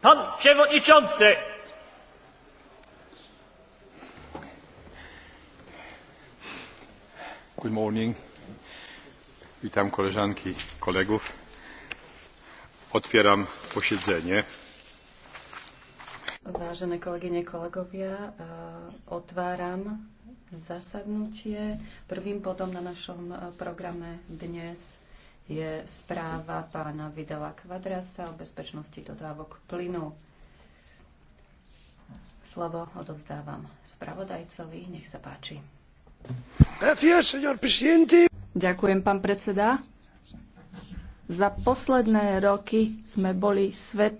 Pan przewodniczący! Good morning. Witam koleżanki, kolegów. Otwieram posiedzenie. Vážené kolegyne, kolegovia, e, otváram zasadnutie. Prvým bodom na našom e, programe dnes je správa pána Videla Kvadrasa o bezpečnosti dodávok plynu. Slovo odovzdávam spravodajcovi. Nech sa páči. Ďakujem, pán predseda. Za posledné roky sme boli svet